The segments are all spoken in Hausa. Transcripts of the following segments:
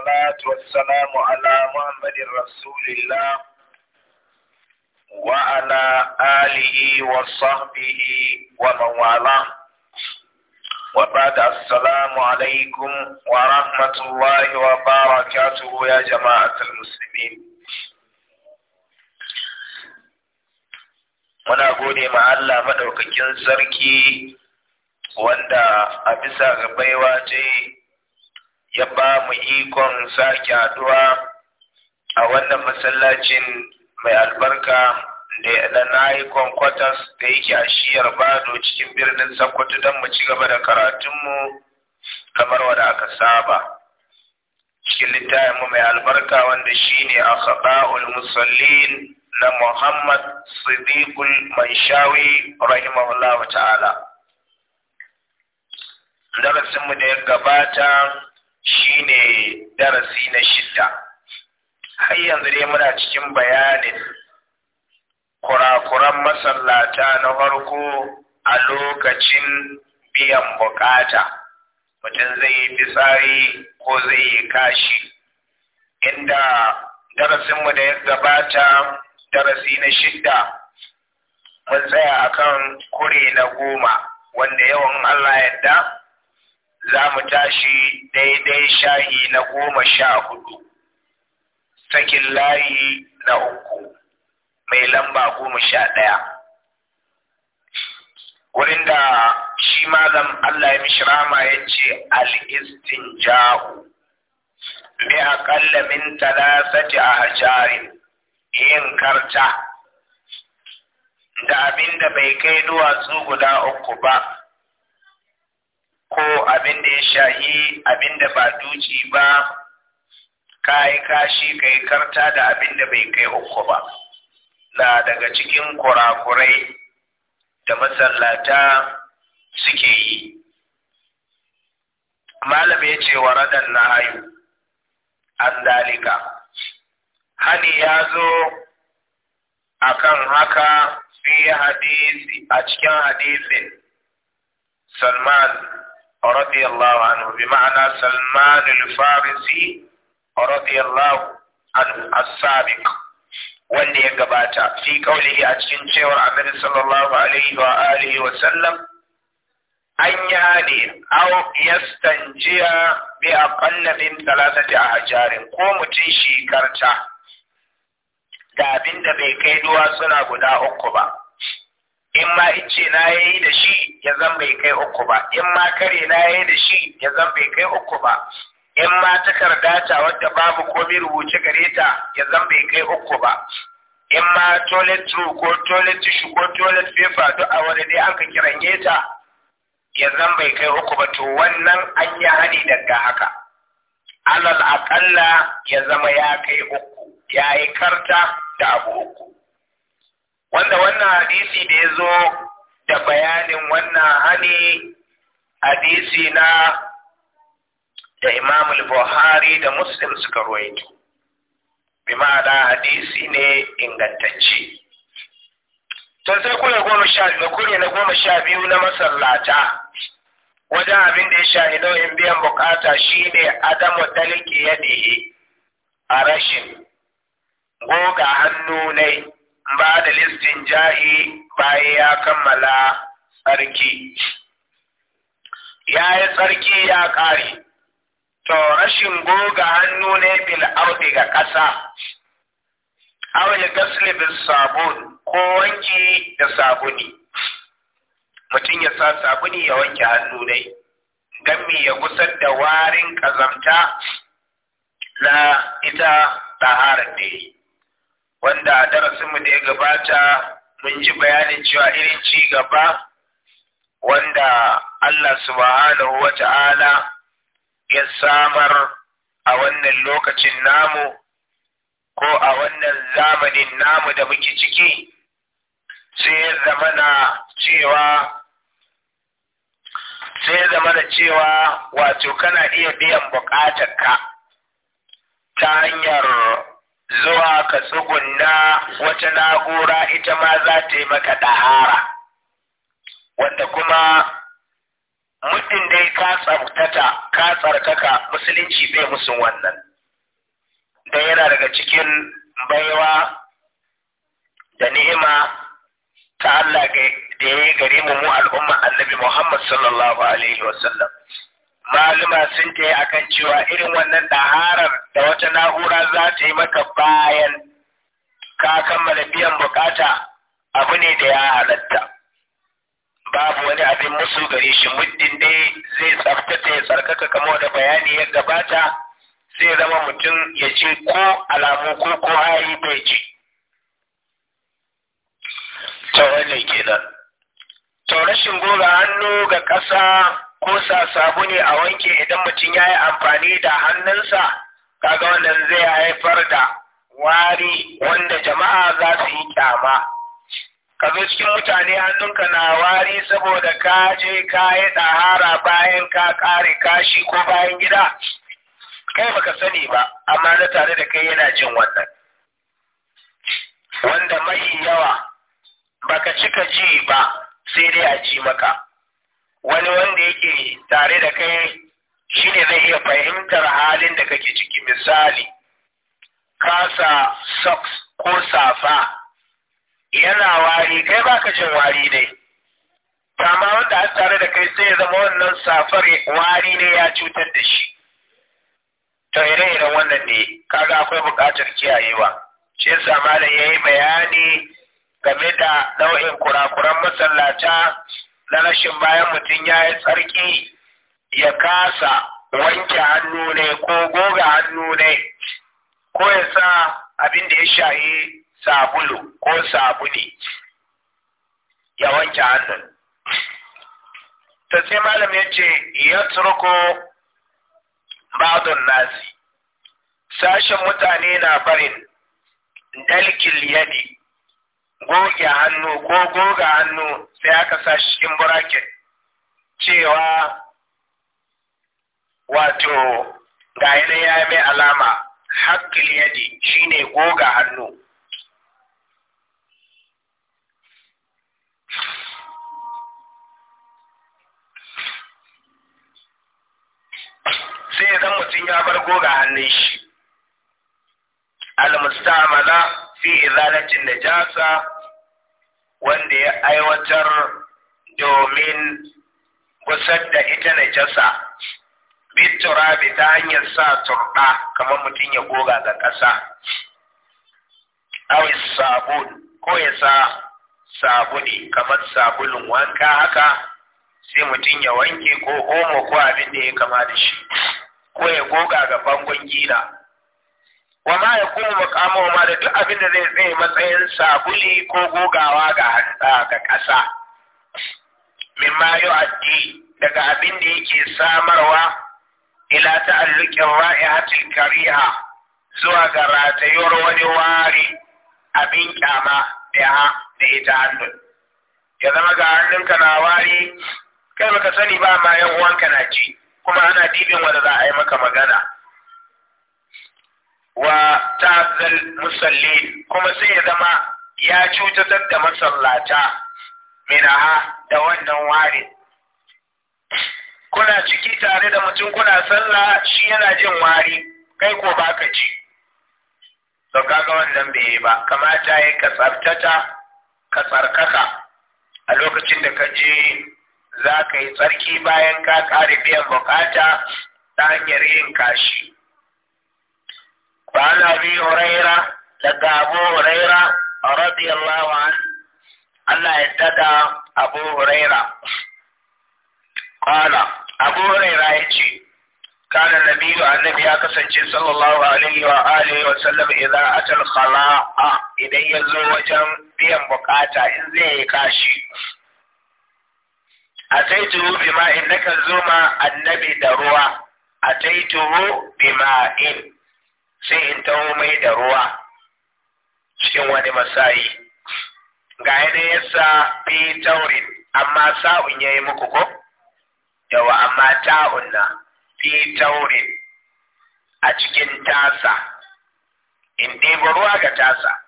والصلاة والسلام على محمد رسول الله وعلى آله وصحبه ومن والاه وبعد السلام عليكم ورحمة الله وبركاته يا جماعة المسلمين muna gode ma Allah maɗaukakin sarki wanda a bisa ga baiwa ce ya ba mu ikon sake haduwa a wannan masallacin mai albarka da na yi kwankwatas da yake a shiyar bado cikin birnin sakkwato don mu ci gaba da karatunmu kamar wadda aka saba cikin littafinmu mai albarka wanda shine a khaɓa'ul musallin na muhammad siddiqul manshawi rahimahullahu ta'ala darasinmu da ya gabata shine darasi na shidda har yanzu dai muna cikin bayanin kurakuran masallata na farko a lokacin biyan bukata mutum zai yi fitsari ko zai yi kashi inda darasinmu da ya gabata darasi na shidda mun tsaya akan kure na goma wanda yawan Allah yadda za mu tashi daidai shahi na goma sha hudu sakin layi na uku mai lamba goma sha ɗaya wurin da shi malam Allah ya mishi rama ya ce al’istin Jahu. bi aƙalla min a hajarin yin karta da abinda bai kai duwatsu guda uku ba ko abin da ya shahi abin da ba duci ba ka yi kashi ka yi karta da abin da bai kai uku ba na daga cikin kurakurai da masallata suke yi malam ya ce wa radan na hayu an dalika hani ya zo kan haka fi hadisi a cikin hadisin salman رضي الله عنه بمعنى سلمان الفارسي رضي الله عنه السابق wanda ya gabata fi kaulihi a cikin cewar annabi sallallahu alaihi wa alihi wa sallam an yani aw yastanjiya bi aqalla min thalathati ahjarin ko mutum shi karta da abinda bai kai duwa suna guda uku ba in ma ice na yayi da shi ya zan bai kai uku ba in ma kare na yayi da shi ya zan bai kai uku ba in ma takarda ta wadda babu komai rubuce gare ta ya zan bai kai uku ba in ma toilet roll ko toilet tissue ko toilet paper duk a wani dai aka kiranye ta ya zan bai kai uku ba to wannan an yi hani daga haka alal aƙalla ya zama ya kai uku ya yi karta da abu uku wanda wannan hadisi da ya zo da bayanin wannan hani hadisi na da imam al-buhari da muslim suka ruwaito bi ma'ana hadisi ne ingantacce to sai kure goma sha biyu kure na goma sha biyu na masallata wajen abin da ya shahi in biyan bukata shine adamu daliki yadihi a rashin goga hannu ne ba da listin ja'i baya ya kammala tsarki ya yi tsarki ya ƙare to rashin goga hannu ne bil ardi ga ƙasa aw gasli bin sabon ko wanki da sabuni mutum ya sa sabuni ya wanke hannu ne gami ya gusar da warin ƙazamta na ita harin da yi wanda a darasinmu da ya gabata mun ji bayanin cewa irin ci gaba wanda Allah subhanahu wa ta'ala ya samar a wannan lokacin namu ko a wannan zamanin namu da muke ciki sai zamana cewa sai zamana cewa wato kana iya biyan bukatarka ta hanyar zuwa ka tsugunna wata na'ura ita ma za ta yi maka ɗahara wanda kuma muddin dai ka tsabtata ka tsarkaka musulunci bai musu wannan dan yana daga cikin baiwa da ni'ima ta Allah da ya yi gare mu mu al'umma annabi Muhammad sallallahu alaihi wa sallam. maluma sun ta akan cewa irin wannan ɗaharar da wata na'ura za ta yi maka bayan ka kammala biyan bukata abu ne da ya halatta babu wani abin musu gare shi muddin dai zai tsaftace ya tsarkaka kamar da bayani ya gabata zai zama mutum ya ce ko alamu ko ko hali bai ta wannan kenan to rashin goga hannu ga ƙasa ko sabu ne a wanke idan mutum ya yi amfani da hannunsa kaga wannan zai haifar da wari wanda jama'a za su yi kyama ka zo cikin mutane hannunka na wari saboda ka je ka yi ɗahara bayan ka ƙare kashi ko bayan gida kai baka sani ba amma na tare da kai yana jin wannan wanda mai yawa baka cika ji ba sai dai a ji maka wani wanda yake tare da kai shi ne zai iya fahimtar halin da kake ciki misali kasa socks ko safa yana wari kai baka jin wari ne amma wanda a tare da kai sai ya zama wannan safar wari ne ya cutar da shi to ire-iren wannan ne kaga akwai bukatar kiyayewa shi yasa malam yayi bayani game da nau'in kurakuran masallata na rashin bayan mutum ya yi tsarki ya kasa wanke hannu ne ko goga hannu ne ko ya sa abin da ya shayi sabulu ko sabuni ya wanke hannun ta sai malam ya ce ya turko badon nasi sashen mutane na barin dalkin yadi goge hannu ko goga hannu sai aka sa shi cikin bracket cewa wato ga ya ya mai alama haƙƙil yadi shine goga hannu sai ya zan mutum ya bar goga hannun shi al-mustamala fi izalatin najasa wanda ya aiwatar domin busar da ita najasa bi ta hanyar sa turɗa kamar mutum ya goga ga ƙasa awi sabun ko ya sa sabuni kamar sabulun wanka haka sai mutum ya wanke ko omo ko abin da ya kama da shi ko ya goga ga bangon gina wa ma ya kuma makama ma da duk abin da zai tsaye matsayin sabuli ko gogawa ga ga ƙasa min ma yu'addi daga abin da yake samarwa ila ta'alluqin ra'ihatil kariha zuwa ga ratayuwar wani wari abin kyama da da ita hannun ya zama ga hannunka na wari kai baka sani ba ma yan uwanka na ci kuma ana dibin wanda za a yi maka magana wa ta'azzal musalli kuma sai ya zama ya cutatar da masallata minaha da wannan ware kuna ciki tare da mutum kuna sallah shi yana jin wari kai ko baka ji to kaga wannan bai ba kamata ya ka tsartata ka tsarkaka a lokacin da ka je za ka yi tsarki bayan ka kare biyan bukata ta hanyar yin kashi وعن أبي هريرة لك أبو هريرة رضي الله عنه أن يتدى أبو هريرة قال أبو هريرة يجي كان النبي النبي أكسنجي صلى الله عليه وآله وسلم إذا أتى الخلاء إذا يزو وجم بيان بقاتا إن يكاشي أتيته بما إنك زوما النبي دروا أتيته بما بماء sai in taho mai da ruwa cikin wani masayi ga yadda ya sa fi taurin amma sa'un ya yi muku ko yawa amma ta'un na fi taurin a cikin tasa in ɗebo ruwa ga tasa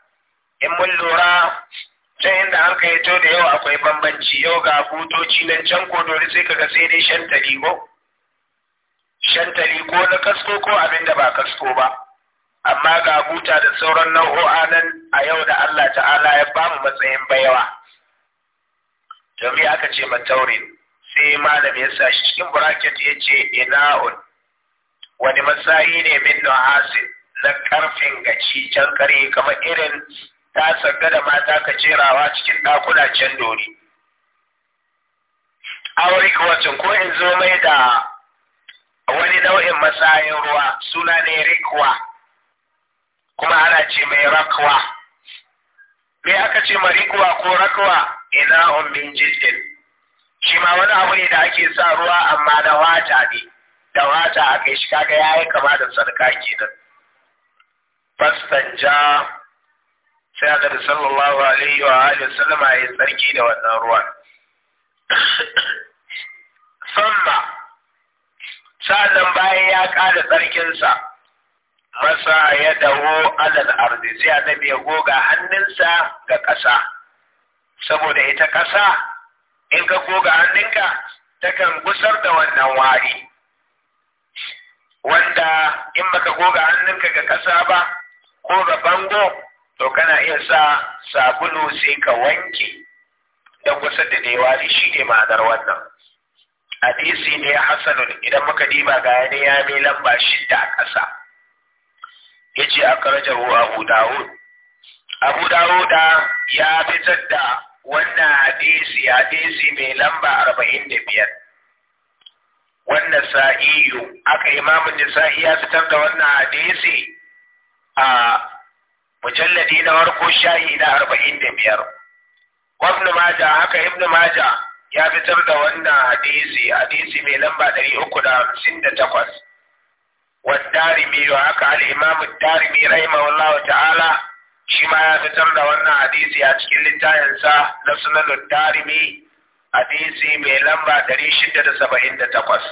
in mun lura can inda an kai to da yau akwai bambanci yau ga hutoci nan can ko dole sai kaga sai dai shantali ko shantali ko na kasko ko abin da ba kasko ba amma ga buta da sauran nau'o'a nan a yau da Allah ta'ala ya ba mu matsayin bayawa domin aka ce mataurin sai malam ya sa shi cikin bracket ya ce ina'un wani matsayi ne min nuhasin na ƙarfin gaci can kare kamar irin ta sagga da mata ka jerawa cikin ɗakuna can dori aurik watan ko in zo mai da wani nau'in matsayin ruwa suna ne rikwa kuma ana ce mai rakwa me aka ce marikuwa ko rakwa ina um min jiddin shi ma wani abu ne da ake sa ruwa amma da wata ne da wata a kai shi kaga ya yi kama da sadaka kenan fastanja sai aka da sallallahu alaihi wa alihi sallama ya tsarki da wannan ruwan sannan bayan ya kada tsarkinsa masa ya dawo alal ardi sai annabi ya goga hannunsa ga ƙasa saboda ita ƙasa in ka goga hannunka ta kan gusar da wannan wari wanda in baka goga hannunka ga ƙasa ba ko ga bango to kana iya sa sabulu sai ka wanke don gusar da ne wari shi ne ma'anar wannan hadisi ne hasanun idan muka diba ga ya mai lamba shidda a ƙasa yace akrajahu abu dawud abu dawuda ya fitar da wannan hadisi hadisi mai lamba arba'in da biyar wannan sa'iyu aka imamun nisa'i ya fitar da wannan hadisi a mujalladi na farko shahi na arba'in da biyar ibn maja haka ibn maja ya fitar da wannan hadisi hadisi mai lamba ɗari uku da hamsin da takwas والدارمي وعكى الإمام الدارمي رحمه الله تعالى شما يفتر دورنا حديثي أتكل التاينسا نسنن الدارمي حديثي ميلمبا دريشدة سبعين تقص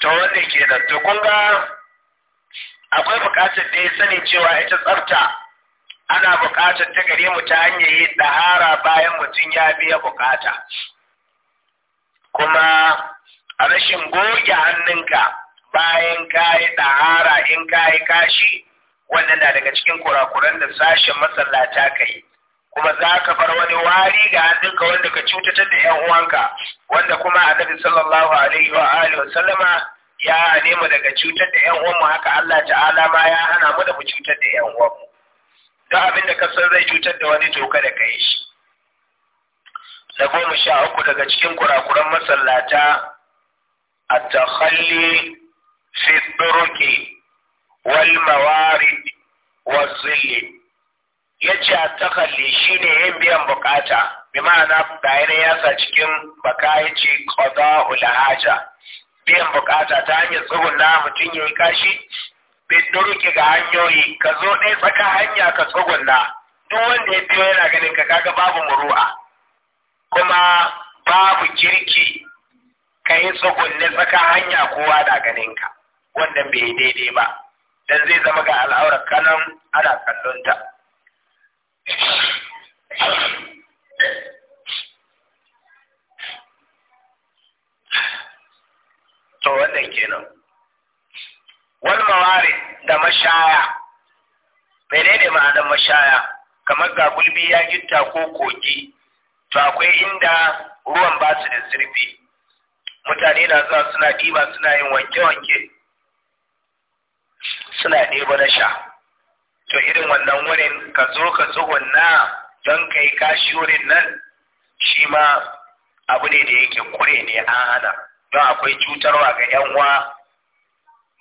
ta wanda ke nan kun ga akwai buƙatar da ya sani cewa ita tsafta ana buƙatar ta gare mu ta hanyar yi ɗahara bayan mutum ya biya buƙata kuma a rashin goge hannunka bayan ka yi ɗahara in ka yi kashi wannan na daga cikin kurakuran da sashen masallata ka yi kuma za ka bar wani wari ga hannunka wanda ka cutatar da yan uwanka wanda kuma annabi sallallahu alaihi wa alihi sallama ya hane daga cutar da yan uwanmu haka Allah ta'ala ma ya hana mu da mu cutar da yan uwanmu duk abin da ka san zai cutar da wani to kada ka yi shi da goma sha uku daga cikin kurakuran masallata a ta fi turuki walmawari Wasili ya ce a takhalli shi ne yin biyan bukata bi ma'ana ga yana yasa cikin baka ya ce ƙwaza ulahaja biyan bukata ta hanyar na mutum ya yi kashi biduruki ga hanyoyi ka zo ɗaya tsaka hanya ka na duk wanda ya biyo yana ganin ka kaga babu muru'a kuma babu kirki ka yi tsugunne tsaka hanya kowa da ganinka wannan bai daidai ba dan zai zama ga al'aurar kanan ana kallonta to wannan kenan wal mawari da mashaya menene ma'anar mashaya kamar ga gulbi ya gitta ko kogi to akwai inda ruwan ba su da zurfi mutane na zuwa suna ɗiba suna yin wanke-wanke suna ɗebo na sha to irin wannan wurin ka zo ka tsugunna don ka yi kashi wurin nan shi ma abu ne da yake kure ne an hana don akwai cutarwa ga 'yan uwa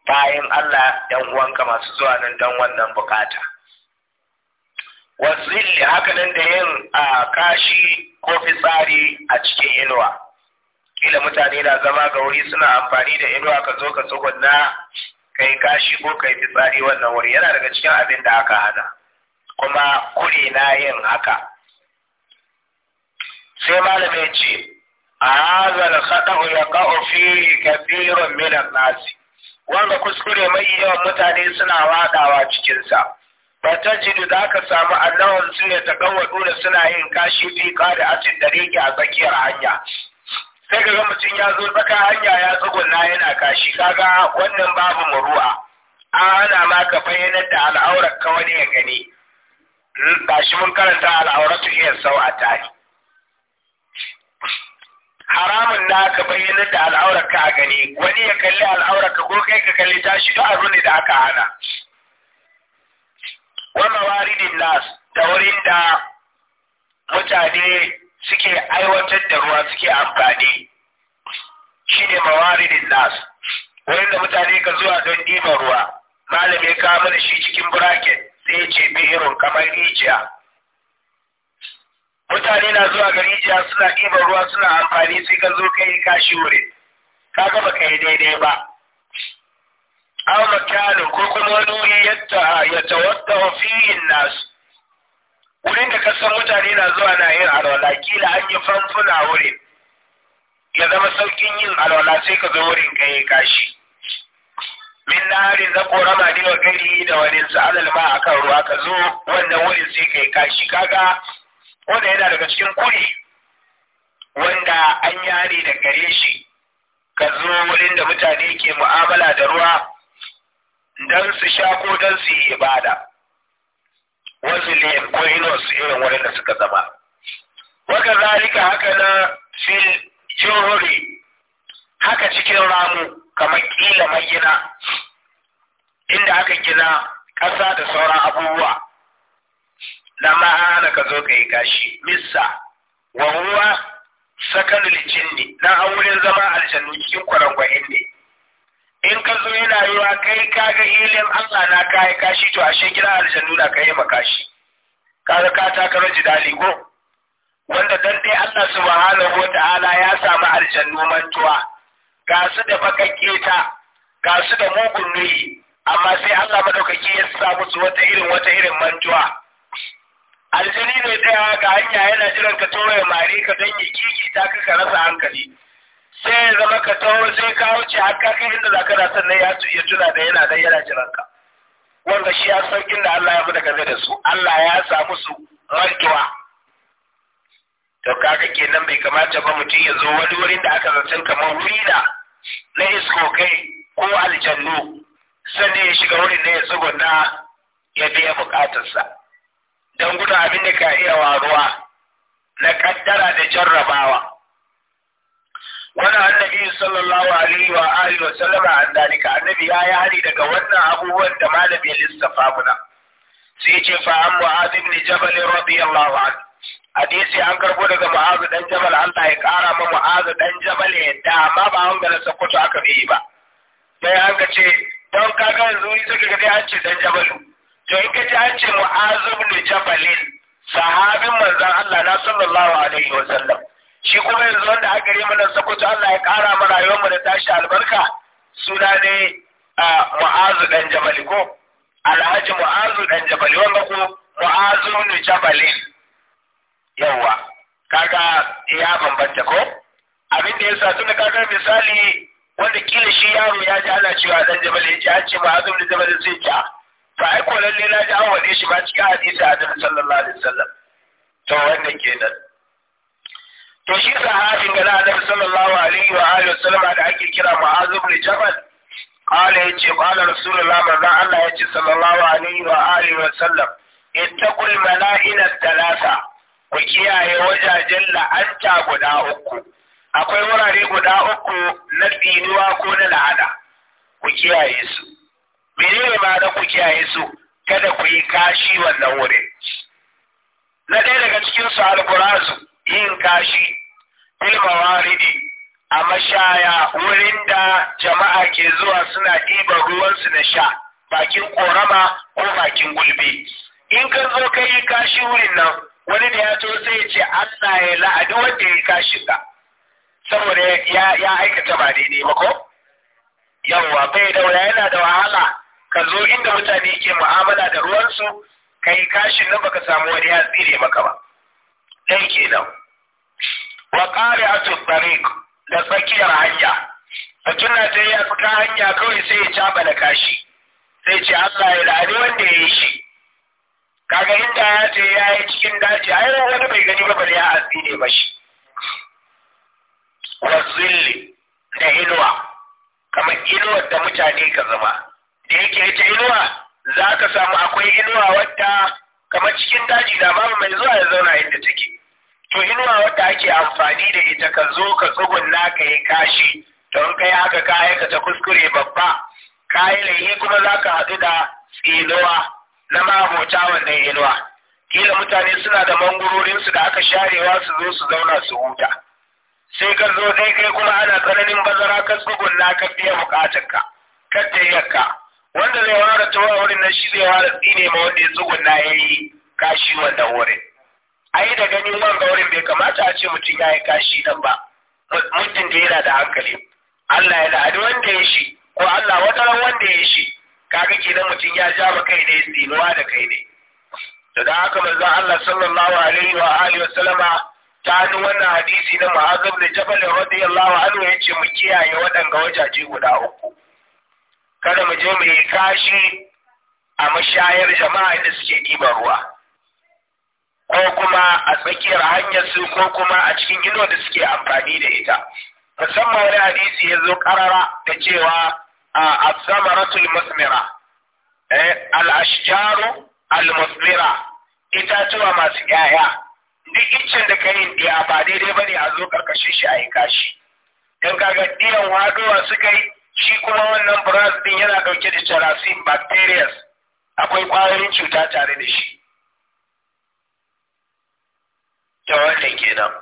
bayan Allah 'yan uwanka masu zuwa nan don wannan bukata. wasilli haka nan da yin a kashi ko fitsari a cikin inuwa kila mutane na zama ga wuri suna amfani da inuwa ka zo ka tsugunna kai kashi ko kai fitsari wannan wuri yana daga cikin abin da aka hana kuma kure na yin haka sai malamai ce a hazar khata'u ya ka'o fi kafirin minan nasi. wanda kuskure mai yawan mutane suna wadawa cikinsa. Bata ji da aka samu annahun su ne ta gawa da suna yin kashi fi kada a cin dariki a tsakiyar hanya sai ga mutum ya zo tsaka hanya ya na yana kashi kaga wannan babu muru'a ana ma ka bayyanar da al'aurar ka wani ya gani hmm, ba shi mun karanta su iya sau a tari haramun na ka bayyanar da al'aurar ka a gani wani ya kalli al'aurar ka ko kai ka kalli tashi duk abu ne da aka hana wa mawaridin nas da wurin da mutane suke aiwatar da ruwa suke amfani shine mawaridin nas wurin da mutane ka zuwa don ɗiban ruwa malam ya kawo mana shi cikin bracket sai ya ce kamar rijiya mutane na zuwa ga rijiya suna ɗiban ruwa suna amfani sai ka zo kai kashi wurin ka gama kai daidai ba aw makanin ko kuma wani wuri ya tawadda fihin nasu wurin da kasan mutane na zuwa na yin alwala kila an yi famfuna wurin ya zama saukin yin alwala sai ka zo wurin ka yi kashi min na korama ne wa gari da wani sa'adal ma akan ruwa ka zo wannan wurin sai ka yi kashi kaga wanda yana daga cikin kuri wanda an yare da gare shi ka zo wurin da mutane ke mu'amala da ruwa dan su sha ko don su yi ibada wasu ne ko inos irin da suka zama waka zalika haka na fil jihori haka cikin ramu kamar kila gina. inda aka gina kasa da sauran abubuwa na ma'ana ka zo ka yi kashi missa wa huwa sakanul jinni na wurin zama aljannu cikin kwarangwahin ne in ka zo yana rayuwa, kai ka ga ilim Allah na kai kashi to ashe kira aljannu na kai makashi kaga ka taka karo dali go wanda dan dai Allah subhanahu wataala ya samu aljannu mantuwa ga su da bakakke ta ga su da mugun nuyi amma sai Allah madaukaki ya sa musu wata irin wata irin mantuwa aljani ne tsaya ga hanya yana jiran ka tore mare ka dan ya kiki ta ka rasa hankali sai ya zama ka taho sai ka wuce har ka kai inda zaka na sannan ya ya tuna da yana dan yana jiran ka wanda shi ya san inda Allah ya fita gaza da su Allah ya sa musu rantuwa to kaga kenan bai kamata ba mutum ya zo wani wurin da aka zancen kamar wuri na na isko kai ko aljannu sannan ya shiga wurin da ya tsugunna ya biya bukatarsa don guda abin da ka iya waruwa na kaddara da jarrabawa wani annabi sallallahu alaihi wa alihi wa sallama an dalika annabi ya yi hari daga wannan abubuwan da malami lissafa muna sai ce fa an mu'az ibn jabal radiyallahu anhu hadisi an karbo daga mu'az dan jabal Allah ya kara ma mu'az dan jabal yadda amma ba an gara kuta aka bi ba sai an ga ce don kaga yanzu ni suka ga dai an ce dan jabal to in ka ji an ce mu'az ibn jabal sahabin manzon Allah na sallallahu alaihi wa sallam shi kuma yanzu wanda aka yi mana sakwato Allah ya ƙara mana rayuwar da tashi albarka suna ne Mu'azu dan Jabali ko Alhaji Mu'azu dan Jabali wanda ko Mu'azu ne Jabali yawa kaga ya bambanta ko abin da yasa tun kaga misali wanda kila shi yaro ya ji ana cewa dan Jabali ya ce Mu'azu ne Jabali sai ya fa ah, ai ko lalle na ji an wade shi ba cikin hadisi a Annabi sallallahu alaihi wasallam to wannan kenan to shi sahabin da na annabi sallallahu alaihi wa alihi wasallam da ake kira Mu'adh ibn Jabal qala yace qala rasulullah manzo Allah yace sallallahu alaihi wa alihi wasallam ittaqul mala'ina thalatha ku kiyaye wajajen la'anta guda uku akwai wurare guda uku na tsinuwa ko na la'ada ku kiyaye su menene ma da ku kiyaye su kada ku yi kashi wannan wurin na ɗaya daga cikin su alƙurasu yin kashi ilmawaridi a mashaya wurin da jama'a ke zuwa suna ɗiban ruwansu na sha bakin ƙorama ko bakin gulbe. In ka zo ka yi kashi wurin nan wani da ya to sai ce Allah ya la'adi wanda ya yi kashi ka. Saboda ya aikata ba daidai ba ko? Yawwa bai da daura yana da wahala ka zo inda mutane ke mu'amala da ruwansu ka yi kashin nan baka samu wani ya tsire maka ba. Ɗan kenan. wa ƙari a tuttari da tsakiyar hanya a tuna ta yi a fita hanya kawai sai ya caba da kashi sai ce Allah ya dadi wanda ya yi shi kaga inda ya ce ya yi cikin daji a yau wani bai gani ba bari ya ne ba shi wazilli da inuwa kamar inuwar da mutane ka zama da yake ita inuwa za ka samu akwai inuwa wadda kamar cikin daji da babu mai zuwa ya zauna inda take to inuwa wadda ake amfani da ita ka zo ka tsugunna ka yi kashi don kai haka kayan ka ta kuskure babba kayan laihi kuma za ka haɗu da tsinuwa na mabuta wannan inuwa kila mutane suna da mangurorinsu da aka sharewa su zo su zauna su huta sai ka zo dai kai kuma ana tsananin bazara ka na ka biya bukatunka ka yanka, wanda zai ware tawa wurin nan shi zai ware tsine ma wanda ya tsugunna ya yi kashi wannan wurin ai da ganin man gaurin bai kamata a ce mutum ya yi kashi nan ba muddin da yana da hankali Allah ya la'adi wanda ya shi ko Allah wata wanda ya shi kaga kenan mutum ya ja ba kai ne tsinuwa da kai ne to da haka manzo Allah sallallahu alaihi wa alihi wasallama ta hannu wannan hadisi na Mu'adh da Jabal radiyallahu anhu yace mu kiyaye waɗanga wajaje guda uku kada mu je mu yi kashi a mashayar jama'a da suke ɗiban ruwa ko kuma a tsakiyar hanyar su ko kuma a cikin gino da suke amfani da ita musamman wani hadisi ya zo karara da cewa a samaratul musmira eh, al-ashjaru al-musmira itatuwa masu yaya duk iccen da kanin ɗiya ba daidai bane a zo karkashin shi a yi kashi don kaga ɗiyan suka yi shi kuma wannan brass din yana ɗauke da charasin bacterias akwai ƙwayoyin cuta tare da shi ta wannan kenan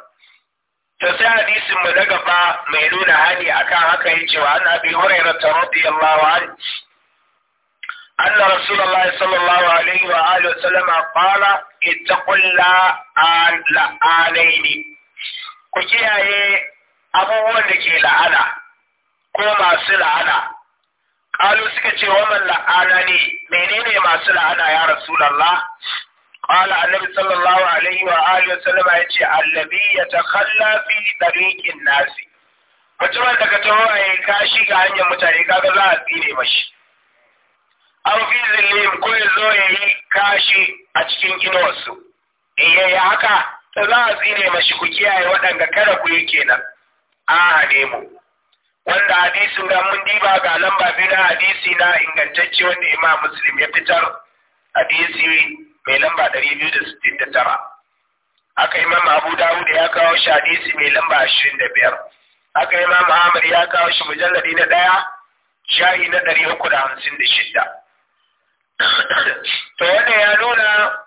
to sai hadisin mu na gaba mai nuna hali akan haka yace wa an abi hurairah radiyallahu anhu أن رسول الله صلى الله ita kulla a la'anai ne. Ku kiyaye abubuwan da ke la'ana ko masu la'ana ƙalu suka ce man la'ana ne menene masu la'ana ya Allah? قال النبي صلى الله عليه وآله وسلم يجي الذي يتخلى في طريق الناس mutumin da ka taho a yanka shi ga hanyar mutane kaga za a tsire mashi an fi zillin ko ya zo kashi a cikin inuwarsu in ya haka ta za a tsire mashi ku kiyaye waɗanda kada ku yi kenan a hane mu wanda hadisin ga mun ga lamba biyu na hadisi na ingantacce wanda imam muslim ya fitar hadisi mai lamba ɗari biyu da sittin da tara haka ma abu dawud ya kawo shi hadisi mai lamba ashirin da biyar haka ma ahmad ya kawo shi mujalladi na ɗaya shayi na ɗari uku da hamsin da shida. to wanda ya nuna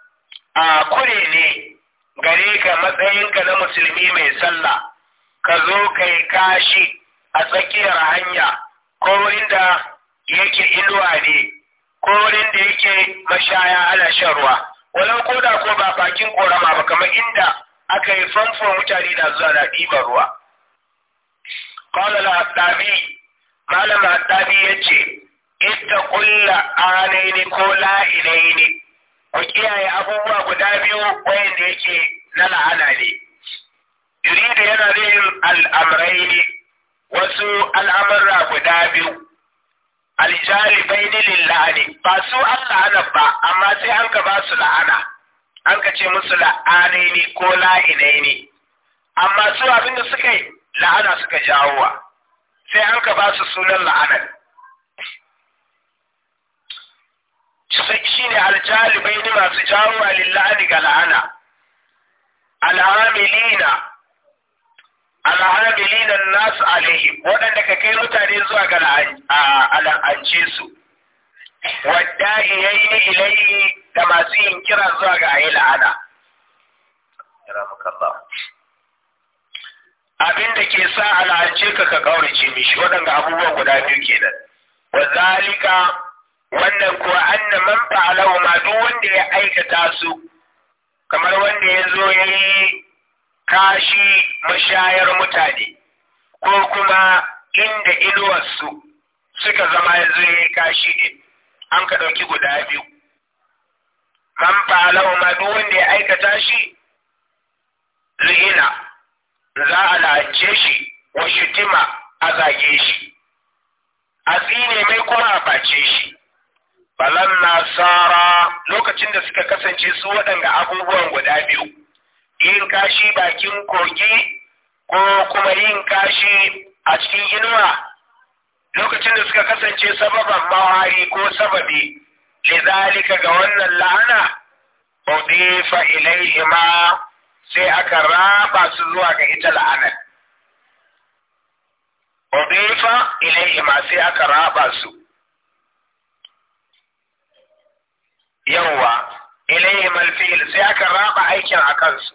a kure ne gare ka matsayinka na musulmi mai sallah ka zo kai kashi a tsakiyar hanya ko wurin da yake inuwa ne ko wurin da yake mashaya ana shan ruwa walau ko da ko ba bakin korama ba kamar inda aka yi famfo mutane na zuwa na ɗiban ruwa qala la hadabi malam ya yace ita kulla anaini ko la'inaini ku kiyaye abubuwa guda biyu da yake na la'ana ne da yana da yin al'amraini wasu al'amurra guda biyu aljalibai ne lillahi ba su an la'anar ba amma sai an ka ba su la'ana an ka ce musu la'anai ne ko la'inai ne amma su abin da suka yi la'ana suka jawo wa, sai an ka ba su sunan la'anar shi ne aljalibai ne masu jawo wa lillahi ga la'ana al'amilina alhabilina nasu alaihim waɗanda ka kai mutane zuwa ga al'ance su wadda iyayi ilayi da masu yin kira zuwa ga ayi la'ana abin da ke sa al'ance ka ka kaurace mishi waɗanda abubuwan guda biyu kenan wa zalika wannan kuwa anna man fa'alahu ma duk wanda ya aikata su kamar wanda ya zo ya yi kashi mashayar mutane ko kuma inda inuwarsu suka zama yanzu kashi ne an ka ɗauki guda biyu man fa'alahu ma duk wanda ya aikata shi zuhina za a lalace shi wa shutima a zage shi a tsine mai kuma a face shi balan nasara lokacin da suka kasance su waɗanda abubuwan guda biyu yin kashi bakin kogi ko kuma yin kashi a cikin inuwa lokacin da suka kasance sababan mawari ko sababi zalika ga wannan la'ana udifa ilaihima sai aka raba su zuwa ga ita la'anar udifa ilaihima sai aka raba su yawwa ilaihim alfi'il sai aka raba aikin a kansu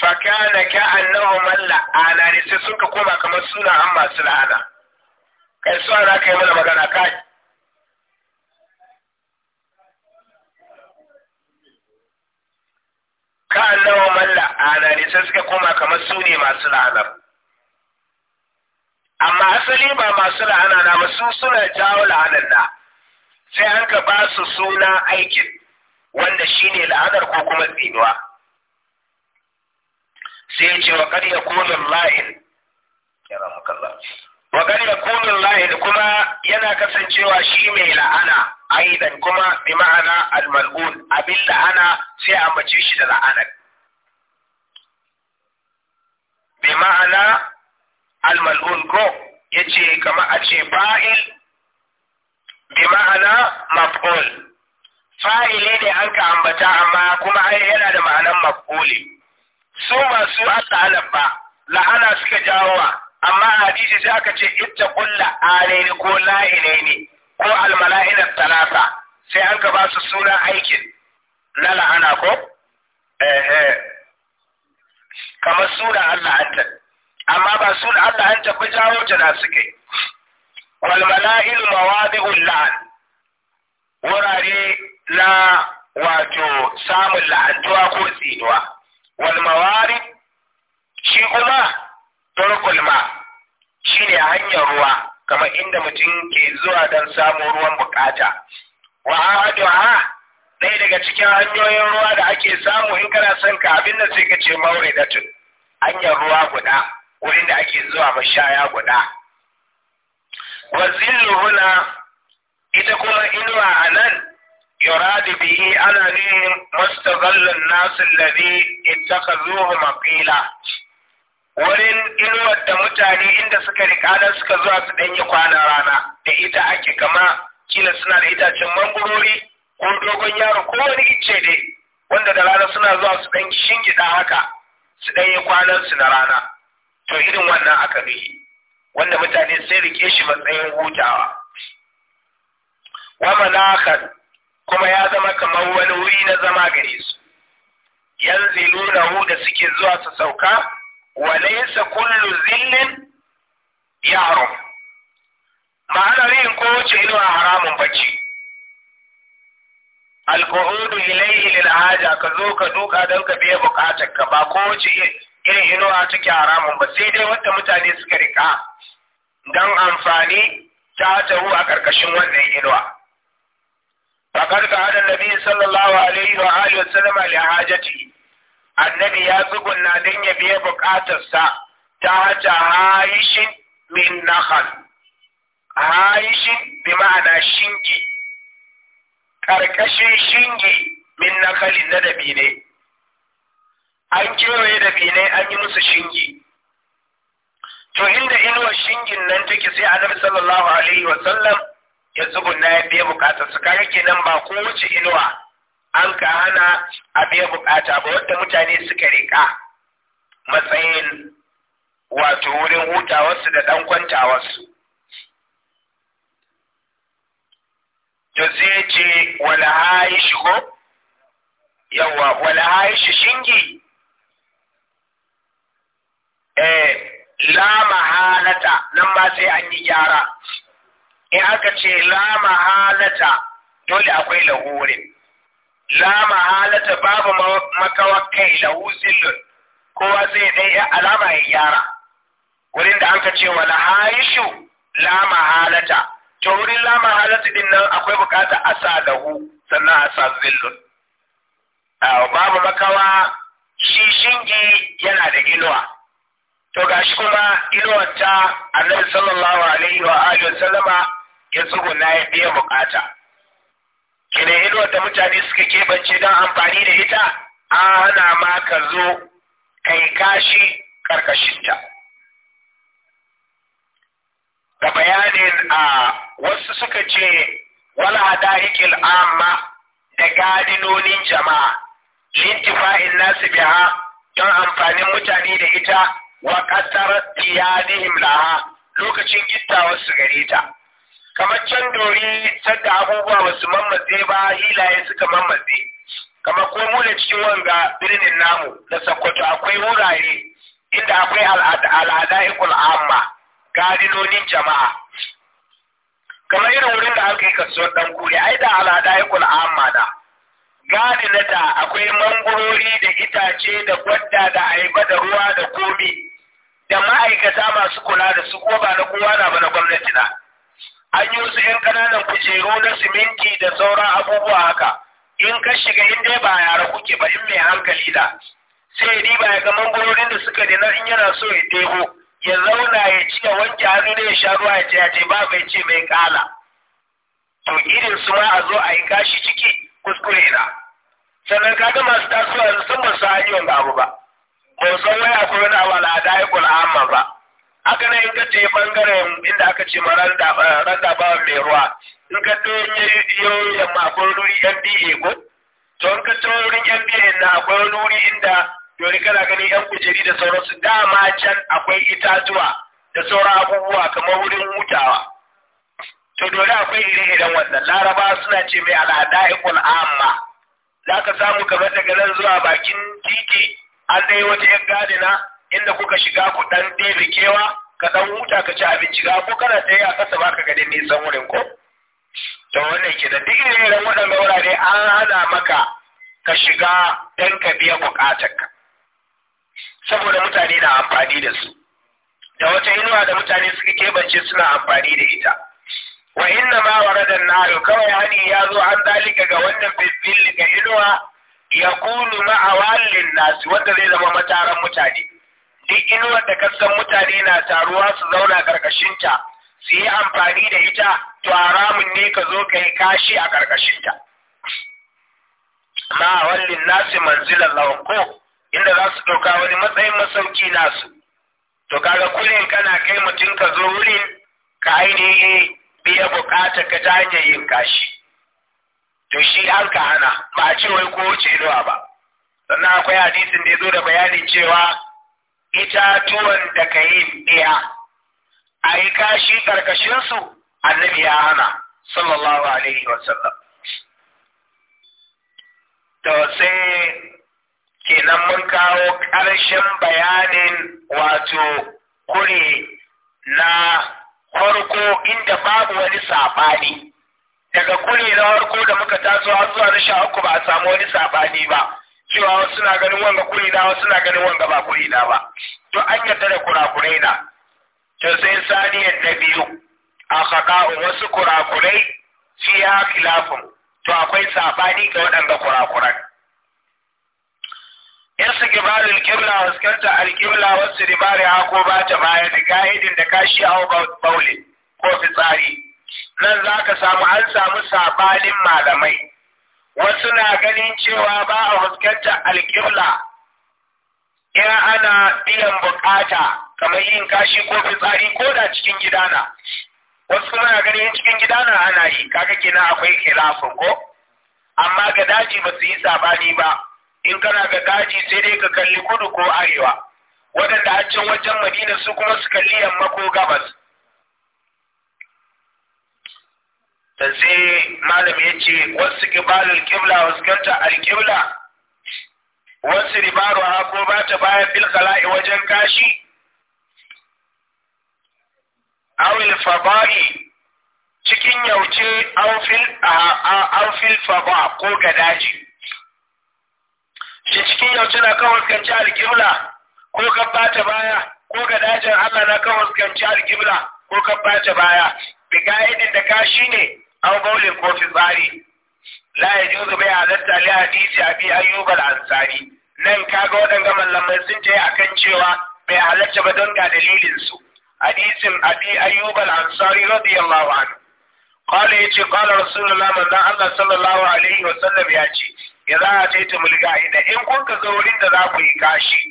fakana ka annahu man ana ne sai suka koma kamar suna an masu la'ana kai so ana kai mana magana kai ka annahu man ana ne sai suka koma kamar su ne masu la'ana amma asali ba masu la'ana na ba su suna jawo la'anar da sai an ka ba su suna aikin wanda shine la'anar ko kuma tsinuwa sai ya ce wa kad yakunu lahin kira mukalla wa kad yakunu lahin kuma yana kasancewa shi mai la'ana aidan kuma bi ma'ana al abin la'ana sai a mace shi da la'anar bi ma'ana al-mal'un ya ce kama a ce fa'il bi ma'ana maf'ul fa'ile ne an ka ambata amma kuma ai yana da ma'anar maf'uli su masu atsalan ba la'ana suka jawowa amma hadisi sai aka ce ita kulla alaini ko la'inaini ko almala'inar talata sai an ka ba su sunan aikin na la'ana ko eh kamar suna Allah anta amma ba suna Allah anta ku jawo ta na suke wal mala'il mawadi'ul la'an wurare na wato samun la'antuwa ko tsinuwa walmawari shi kuma turkul ma ne hanyar ruwa kamar inda mutum ke zuwa don samun ruwan bukata wa aduha ɗaya daga cikin hanyoyin ruwa da ake samu in kana son ka abin da sai ka ce tun. hanyar ruwa guda wurin da ake zuwa mashaya guda wa zillu huna ita kuma inuwa a nan. yuradu bihi ana nihin mastaghallan nasu alladhi ittakhazuhu maqila wurin inuwar da mutane inda suka riƙa da suka zuwa su ɗanyi kwana rana da ita ake kama kila suna da itacen mangurori ko dogon yaro ko wani icce dai wanda da rana suna zuwa su ɗan shingida haka su ɗanyi kwanan su na rana to irin wannan aka nuhi wanda mutane sai rike shi matsayin hutawa wa malakan kuma ya zama kamar wani wuri na zama gare su yanzilunahu da suke zuwa su sauka wa laysa kullu zillin ya'ruf ma'anar yin kowace inuwa haramun bacci alkuhudu ilayhi lil haja ka zo ka duka don ka biya bukatar ka ba kowace irin inuwa take haramun ba sai dai wanda mutane suka rika Dan amfani ta taru a ƙarƙashin wannan inuwa faqad qala annabi sallallahu alaihi wa alihi wasallam li hajati annabi ya tsugunna dan ya biya buƙatar sa, ta hata haishin min nakhal haishin bi ma'ana shingi karkashin shingi min da na ne. an kewaye ne an yi musu shingi to inda inuwar shingin nan take sai annabi sallallahu alaihi wa sallam ya na ya biya bukatar su kare kenan ba wuce inuwa an ka hana a biya bukata ba wanda mutane suka rika matsayin wato wurin hutawarsu da dan kwantawarsu to sai ce wala hayi shigo yawa wala hayi shingi eh la mahalata nan ba sai an yi gyara in aka ce Lama Halata, dole akwai lahurin Lama Halata babu makawakai lahu zillun kowa zai dai alama ya gyara wurin da aka ce wala haishu lama halata to wurin Lama Halata din nan akwai bukata a sa lahu sannan a sa zillun babu makawa shi shingi yana da inuwa to gashi kuma inuwar ta annabi sallallahu alaihi wa alihi wa sallama ya tsuguna ya biya bukata Kine ido da mutane suka keɓance don amfani da ita ana ma ka zo kai kashi karkashinta da bayanin a wasu suka ce wala ikil amma da gadinonin jama'a lintifa'in nasu biha don amfanin mutane da ita wa ƙasar tiyadihim laha lokacin gittawa su gare ta kamar can dori sadda abubuwa ba su ba hilaye suka mammatse kamar ko mu da cikin wanga birnin namu na sakkwato akwai wurare inda akwai al'ada ikul amma gadinonin jama'a kamar irin wurin da aka yi kasuwar dan kuri ai da al'ada ikul amma da gadi da akwai mangurori da itace da gwadda da aiba da ruwa da komi da ma'aikata masu kula da su ko ba na kowa na ba na gwamnati na an yi wasu 'yan ƙananan kujeru na siminti da sauran abubuwa haka in ka shiga in dai ba yara kuke ba in mai hankali da sai ya riba ya ga mangwarorin da suka dina in yana so ya debo ya zauna ya ci ya wanke hannu ne ya sha ruwa ya ce ya ce ba bai ce mai kala to irin su ma a zo a yi kashi ciki kuskure na sannan kaga masu tasowa sun ba su hanyoyin abu ba ba san wai akwai wani abu al'ada ya amma ba haka nan in ka ce bangaren inda aka ce ma randa eh, bawan mai ruwa in ka to yau yamma akwai wuri MBA ko to in ka to wurin MBA na akwai wuri inda yori kana gani yan kujeri da sauransu dama can akwai itatuwa da sauran abubuwa kamar wurin hutawa to dole akwai iri-iren wannan laraba suna ce mai Ikon amma za ka samu kamar daga nan zuwa bakin titi an dai wata yan gadina inda kuka shiga ku dan ɗebe kewa ka dan huta ka ci abinci ga ko kana tsaye a ƙasa ba ka mai nisan wurin ko to wannan ke da duk irin waɗanda wurare an hana maka ka shiga don ka biya buƙatarka saboda mutane na amfani da su da wata inuwa da mutane suka kebance suna amfani da ita wa inna ma waradan naru kawai hani ya zo an dalika ga wannan bizbil ga inuwa ya kunu ma'awallin nasi wanda zai zama mataran mutane duk inuwar da kasan mutane na taruwa su zauna karkashinta su yi amfani da ita to haramun ne ka zo ka yi kashi a karkashinta ma wallin nasi manzilan lawan ko inda za su ɗauka wani matsayin masauki nasu to kaga kulin kana kai mutum ka zo wurin ka ainihi biya bukata ka ta hanyar yin kashi to shi an ka hana ba a ce wai ko wuce ba sannan akwai hadisin da ya zo da bayanin cewa itatuwan da ka yi ɗaya a yi kashi ƙarƙashinsu annabi ya hana sallallahu alaihi wasallam to sai kenan mun kawo ƙarshen bayanin wato kure na farko inda babu wani saɓani daga kure na farko da muka taso har zuwa na sha uku ba a samu wani saɓani ba cewa wasu na ganin wanga kuri na wasu na ganin wanga ba kuri na ba to an yarda da kurakurai na to sai saniyar na biyu a haka wasu kurakurai shi ya khilafun to akwai safani ga waɗanda kurakuran in su kibalin kibla fuskanta alkibla wasu ribari ko ba ta baya da ga'idin da kashi a baulin ko fitsari nan za ka samu an samu sabanin malamai wasu na ganin cewa ba a fuskanta alƙibla in ana biyan bukata kamar yin kashi ko fitsari ko da cikin gidana wasu kuma na ganin cikin gidana ana yi kaga kina akwai khilafin ko amma ga daji ba su yi sabani ba in kana ga daji sai dai ka kalli kudu ko arewa waɗanda a can wajen madina su kuma su kalli yamma ko gabas sai malam ya ce wasu kibalin wasu ganta alkibla wasu ribaru ha ko ba ta bayan bilkala'i wajen kashi awil fabari cikin yauce aufil faba ko ga daji. shi cikin yauce na kan waskanci alkibla ko kan ba ta baya ko ga dajin Allah na kan waskanci alkibla ko kan ba ta baya biga da kashi ne aw baulin ko tsari. la yajuzu bai halatta li hadisi abi ayyub al-ansari nan kaga waɗanga mallamai sun ce akan cewa bai halatta ba don ga dalilin su hadisin abi ayyub al-ansari radiyallahu anhu qala yace qala rasulullah manzo Allah sallallahu alaihi wa sallam ya ce idza ataitu mulga'ida in kun ka zo da za ku yi kashi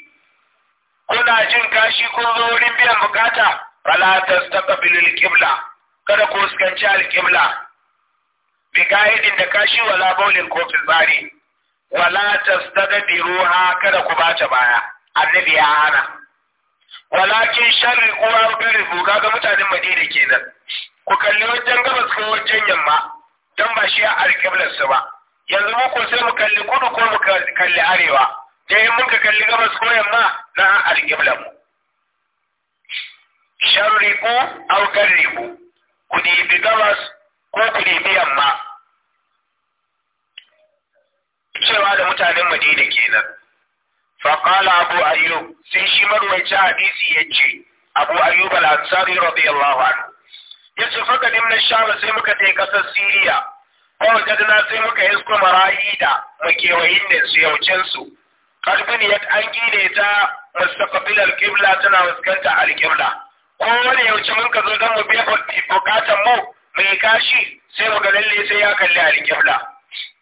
kuna jin kashi kun zo wurin biyan bukata fala tastaqbilu al-qibla kada ku fuskanci al-qibla bigayidin da kashi wala baulin ko fitsari wala tastadbiruha kada ku bata baya annabi ya hana walakin sharri uwa garibu ga mutanen madina kenan ku kalli wajen gabas ko wajen yamma dan ba shi alƙiblar su ba yanzu mu ko sai mu kalli kudu ko mu kalli arewa da mun ka kalli gabas ko yamma na a alƙiblar mu sharriku aw garibu ku bi gabas ko firimiyan ma cewa da mutanen madina kenan faƙala abu ayyub sai shi marwaici hadisi ya ce abu ayyub al-ansari radiyallahu anhu ya ce faka na shara sai muka tai kasar siriya ko wajadna sai muka isko marayi da wayin da su yaucen su ya an gine ta mustaqbil al-qibla tana fuskanta al-qibla ko wani yauce mun ka zo dan mu biya bukatan mu mai kashi sai mu ga lalle sai ya kalli alƙibla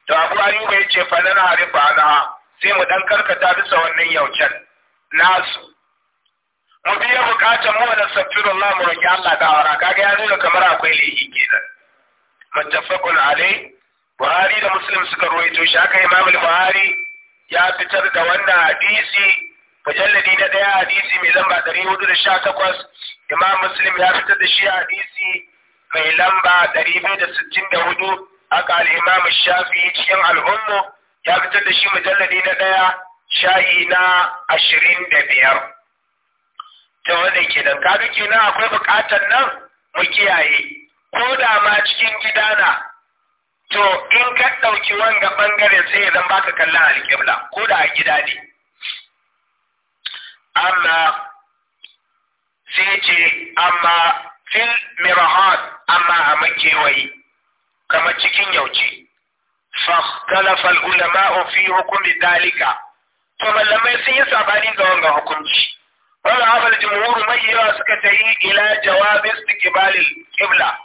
to abu a yi ya ce fa na harin ba sai mu dan karkata bisa wannan yaucen nasu mu biya bukatar mu da Allah mu roƙi Allah da wara kaga ya nuna kamar akwai lehi kenan muttafaqun alai Buhari da Muslim suka ruwaito shi haka Imam Buhari ya fitar da wannan hadisi mujalladi na daya hadisi mai lamba 418 Imam Muslim ya fitar da shi hadisi mai lamba 264 a al-Imam shafi cikin al'ummu ya fitar da shi mujalladi na ɗaya shayi na 25 ta wanda kenan kaga kenan akwai buƙatar nan mu kiyaye ko da ma cikin gida na to in ka ɗauki wanga bangare sai zan baka kallon alƙibla ko da a gida ne amma sai ce amma fil mirahat amma a makewayi kamar cikin yauci fahtalafa ulama fi hukumi dalika to malamai sun yi sabani ga wanga hukunci wala abal jumhur mai yawa suka ta yi ila jawabi istiqbalil qibla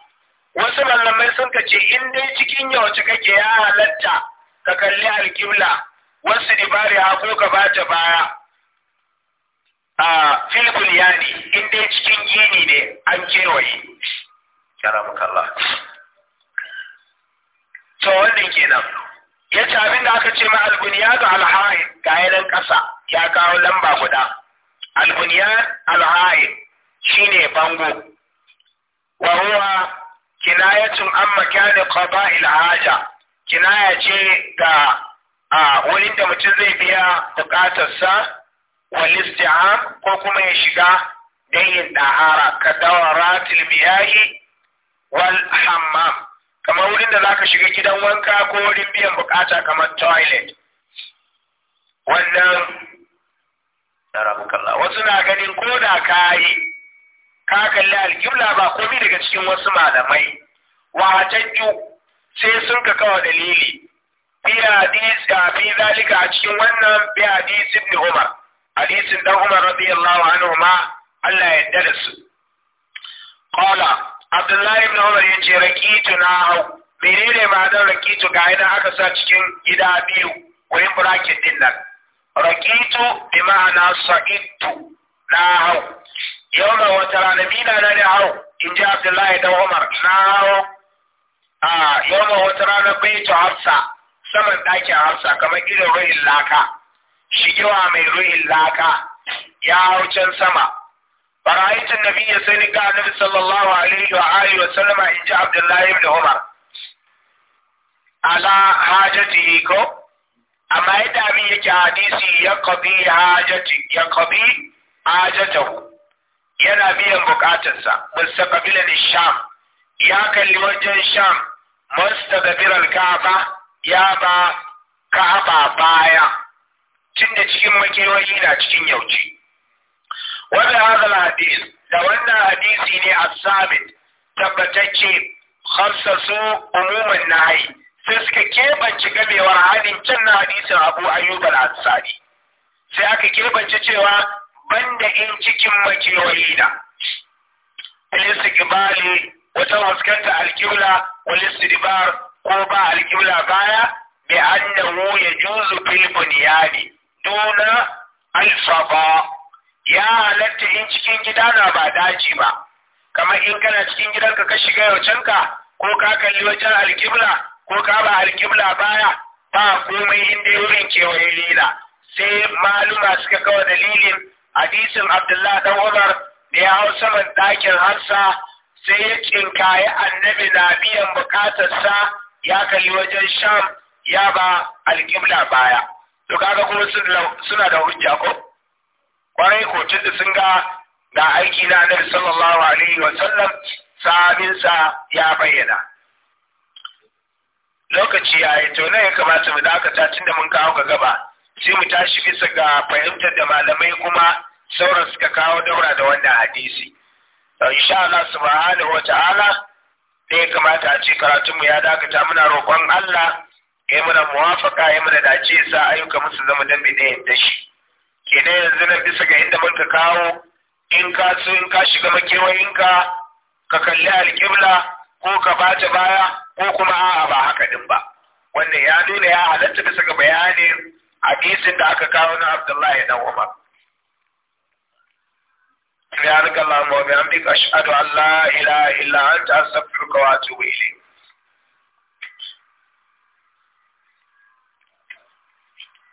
wasu malamai sun ka ce in dai cikin yauci kake ya halatta ka kalli al-qibla wasu dibari ha ko ka bata baya a filkul yani in dai cikin gini ne an kewaye karamakalla to wannan kenan ya ce abin da aka ce ma albuniya ga alhaye ga yanan ƙasa ya kawo lamba guda albuniya alhaye ne bango wa huwa kinayatun an makani kwaba ilhaja kinaya ce ga a wurin da mutum zai biya bukatarsa wani ko kuma ya shiga don yin ɗahara ka dawara tilmiyahi wal hammam kamar wurin da zaka shiga gidan wanka ko wurin biyan bukata kamar toilet wannan wasu na ganin ko da ka yi ka kalli alkibla ba komai daga cikin wasu malamai watajju sai sun ka kawo dalili bi hadisi a cikin wannan bi hadisi ibn umar hadisin ɗan Umar radiyallahu anhu ma Allah ya yarda da su Kola Abdullahi ibn Umar ce rakitu na hau menene ma'anar rakitu ga idan aka sa cikin gida biyu wurin bracket din nan rakitu bi ma'ana sa'idtu na hau yawma wata rana mina na ne hau in ji Abdullahi dan Umar na hau a yawma wata rana baitu Hafsa saman ɗakin Hafsa kamar irin ruhin laka shigewa mai ruhin laka ya hau can sama fara'aitin ya sai ni ga annabi sallallahu alaihi wa alihi wa sallama in ji abdullahi ibn umar ala hajati ko amma yadda abin yake hadisi ya qabi hajati ya qabi hajatahu yana biyan bukatarsa mustaqbilan sham ya kalli wajen sham mustaqbilan kafa ya ba kafa baya tun da cikin makewayi na cikin yauci wanda hadal hadis da wannan hadisi ne a sabit tabbatacce harsasu umuman nahi sai suka kebance gamewar hadin can na hadisin abu a al-ansari sai aka kebance cewa banda in cikin makewayi na gibali wata fuskanta alƙibla walisu dibar ko ba alƙibla baya bi annahu yajuzu fil bunyani duna alfaqa ya halatta in cikin gida na ba daji ba kamar in kana cikin gidanka ka shiga wajen ko ka kalli wajen alkibla ko ka ba alkibla baya ba komai inda wurin kewaye lila sai maluma suka kawo dalilin hadisin abdullahi dan umar da ya hau saman ɗakin harsa sai ya cinkaye annabi na biyan bukatarsa ya kalli wajen sham ya ba alkibla baya to kaga kuma suna da hujja ko kwarai ko tunda sun ga ga aiki na Annabi sallallahu alaihi wa sallam sabin sa ya bayyana lokaci yi to ne ya kamata mu dakata tunda mun kawo ga gaba sai mu tashi bisa ga fahimtar da malamai kuma sauran suka kawo daura da wannan hadisi to insha Allah subhanahu wa ta'ala ne kamata a ce karatunmu ya dakata muna roƙon Allah ya muna muwafaka ya muna dace sa ayyuka musu zama dambe ɗayan da shi kenan yanzu na bisa ga inda muka kawo in ka so in ka shiga makewayin ka ka kalli alƙibla ko ka bata baya ko kuma a'a ba haka din ba wannan ya nuna ya halatta bisa ga bayanin hadisin da aka kawo na Abdullahi dan Umar سبحانك اللهم وبحمدك Allah ila, لا إله إلا sabbin أستغفرك وأتوب ilimi.